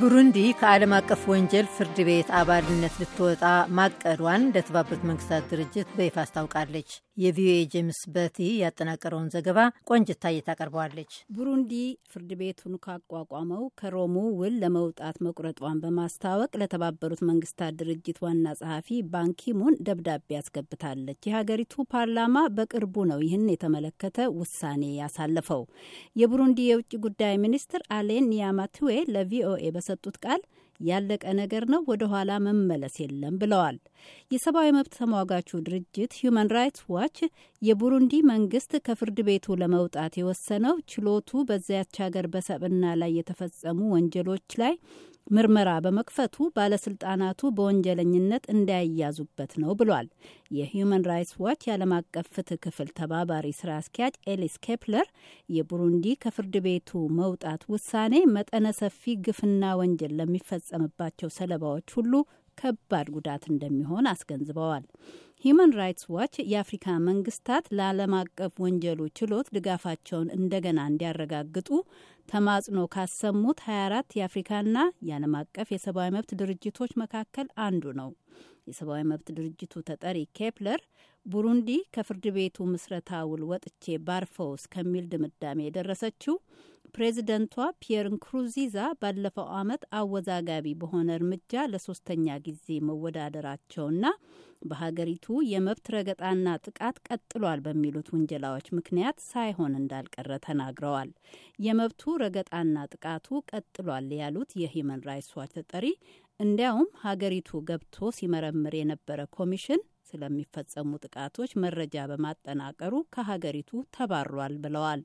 ቡሩንዲ ከዓለም አቀፍ ወንጀል ፍርድ ቤት አባልነት ልትወጣ ማቀዷን ለተባበሩት መንግስታት ድርጅት በይፋ አስታውቃለች። የቪኦኤ ጄምስ በቲ ያጠናቀረውን ዘገባ ቆንጅታ ታቀርበዋለች። ቡሩንዲ ፍርድ ቤቱን ካቋቋመው ከሮሙ ውል ለመውጣት መቁረጧን በማስታወቅ ለተባበሩት መንግስታት ድርጅት ዋና ጸሐፊ ባንኪሙን ደብዳቤ ያስገብታለች። የሀገሪቱ ፓርላማ በቅርቡ ነው ይህን የተመለከተ ውሳኔ ያሳለፈው። የቡሩንዲ የውጭ ጉዳይ ሚኒስትር አሌን ኒያማትዌ ለቪኦኤ በሰጡት ቃል ያለቀ ነገር ነው፣ ወደ ኋላ መመለስ የለም ብለዋል። የሰብአዊ መብት ተሟጋቹ ድርጅት ሁማን ራይትስ ዋች የቡሩንዲ መንግስት ከፍርድ ቤቱ ለመውጣት የወሰነው ችሎቱ በዚያች ሀገር በሰብና ላይ የተፈጸሙ ወንጀሎች ላይ ምርመራ በመክፈቱ ባለስልጣናቱ በወንጀለኝነት እንዳያያዙበት ነው ብሏል። የሂዩማን ራይትስ ዋች የዓለም አቀፍ ፍትህ ክፍል ተባባሪ ስራ አስኪያጅ ኤሊስ ኬፕለር የቡሩንዲ ከፍርድ ቤቱ መውጣት ውሳኔ መጠነ ሰፊ ግፍና ወንጀል ለሚፈጸምባቸው ሰለባዎች ሁሉ ከባድ ጉዳት እንደሚሆን አስገንዝበዋል። ሂዩማን ራይትስ ዋች የአፍሪካ መንግስታት ለዓለም አቀፍ ወንጀሉ ችሎት ድጋፋቸውን እንደገና እንዲያረጋግጡ ተማጽኖ ካሰሙት 24 የአፍሪካና የዓለም አቀፍ የሰብአዊ መብት ድርጅቶች መካከል አንዱ ነው። የሰብአዊ መብት ድርጅቱ ተጠሪ ኬፕለር ቡሩንዲ ከፍርድ ቤቱ ምስረታ ውል ወጥቼ ባርፈውስ ከሚል ድምዳሜ የደረሰችው ፕሬዚደንቷ ፒየር ንኩሩንዚዛ ባለፈው ዓመት አወዛጋቢ በሆነ እርምጃ ለሶስተኛ ጊዜ መወዳደራቸውና በሀገሪቱ የመብት ረገጣና ጥቃት ቀጥሏል በሚሉት ውንጀላዎች ምክንያት ሳይሆን እንዳልቀረ ተናግረዋል። የመብቱ ረገጣና ጥቃቱ ቀጥሏል ያሉት የሂመን ራይትስ ዋች ተጠሪ እንዲያውም ሀገሪቱ ገብቶ ሲመረምር የነበረ ኮሚሽን ስለሚፈጸሙ ጥቃቶች መረጃ በማጠናቀሩ ከሀገሪቱ ተባሯል ብለዋል።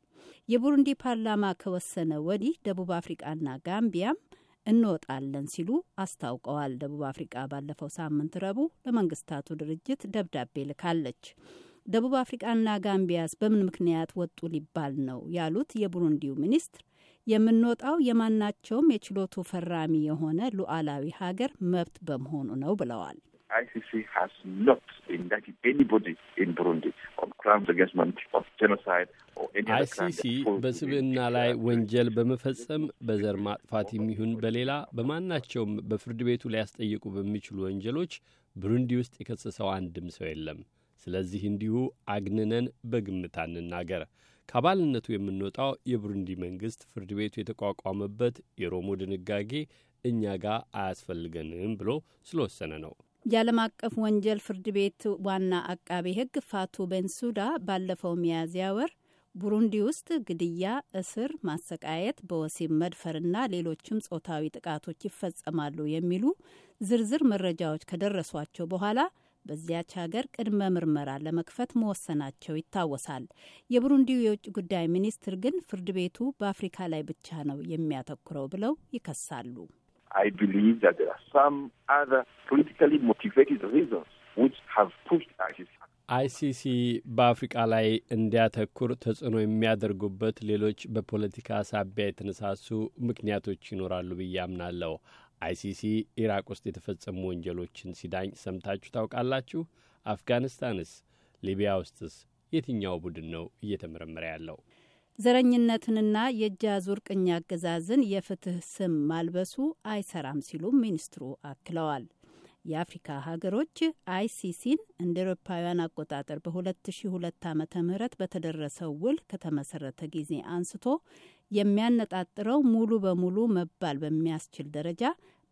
የቡሩንዲ ፓርላማ ከወሰነ ወዲህ ደቡብ አፍሪቃና ጋምቢያም እንወጣለን ሲሉ አስታውቀዋል። ደቡብ አፍሪቃ ባለፈው ሳምንት ረቡዕ ለመንግስታቱ ድርጅት ደብዳቤ ልካለች። ደቡብ አፍሪቃና ጋምቢያስ በምን ምክንያት ወጡ ሊባል ነው ያሉት የቡሩንዲው ሚኒስትር የምንወጣው የማናቸውም የችሎቱ ፈራሚ የሆነ ሉዓላዊ ሀገር መብት በመሆኑ ነው ብለዋል። ICC has not indicted anybody in Burundi on crimes against humanity of genocide or any አይሲሲ በስብዕና ላይ ወንጀል በመፈጸም በዘር ማጥፋት የሚሆን በሌላ በማናቸውም በፍርድ ቤቱ ሊያስጠይቁ በሚችሉ ወንጀሎች ብሩንዲ ውስጥ የከሰሰው አንድም ሰው የለም። ስለዚህ እንዲሁ አግንነን በግምት አንናገር። ከአባልነቱ የምንወጣው የብሩንዲ መንግስት ፍርድ ቤቱ የተቋቋመበት የሮሞ ድንጋጌ እኛ ጋር አያስፈልገንም ብሎ ስለወሰነ ነው። የዓለም አቀፍ ወንጀል ፍርድ ቤት ዋና አቃቤ ሕግ ፋቱ ቤንሱዳ ባለፈው ሚያዝያ ወር ቡሩንዲ ውስጥ ግድያ፣ እስር፣ ማሰቃየት፣ በወሲብ መድፈርና ሌሎችም ጾታዊ ጥቃቶች ይፈጸማሉ የሚሉ ዝርዝር መረጃዎች ከደረሷቸው በኋላ በዚያች ሀገር ቅድመ ምርመራ ለመክፈት መወሰናቸው ይታወሳል። የቡሩንዲው የውጭ ጉዳይ ሚኒስትር ግን ፍርድ ቤቱ በአፍሪካ ላይ ብቻ ነው የሚያተኩረው ብለው ይከሳሉ። I believe that there are some other politically motivated reasons which have pushed ISIS. አይሲሲ በአፍሪቃ ላይ እንዲያተኩር ተጽዕኖ የሚያደርጉበት ሌሎች በፖለቲካ ሳቢያ የተነሳሱ ምክንያቶች ይኖራሉ ብዬ አምናለሁ። አይሲሲ ኢራቅ ውስጥ የተፈጸሙ ወንጀሎችን ሲዳኝ ሰምታችሁ ታውቃላችሁ? አፍጋኒስታንስ፣ ሊቢያ ውስጥስ የትኛው ቡድን ነው እየተመረመረ ያለው? ዘረኝነትንና የእጅ አዙር ቅኝ አገዛዝን የፍትህ ስም ማልበሱ አይሰራም ሲሉ ሚኒስትሩ አክለዋል። የአፍሪካ ሀገሮች አይሲሲን እንደ ኤሮፓውያን አቆጣጠር በ2002 ዓ ም በተደረሰው ውል ከተመሰረተ ጊዜ አንስቶ የሚያነጣጥረው ሙሉ በሙሉ መባል በሚያስችል ደረጃ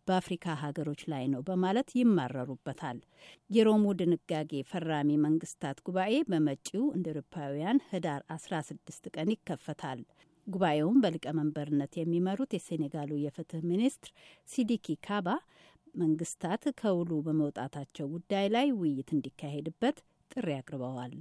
በአፍሪካ ሀገሮች ላይ ነው በማለት ይማረሩበታል። የሮሙ ድንጋጌ ፈራሚ መንግስታት ጉባኤ በመጪው እንደ አውሮፓውያን ህዳር 16 ቀን ይከፈታል። ጉባኤውም በሊቀመንበርነት የሚመሩት የሴኔጋሉ የፍትህ ሚኒስትር ሲዲኪ ካባ መንግስታት ከውሉ በመውጣታቸው ጉዳይ ላይ ውይይት እንዲካሄድበት ጥሪ አቅርበዋል።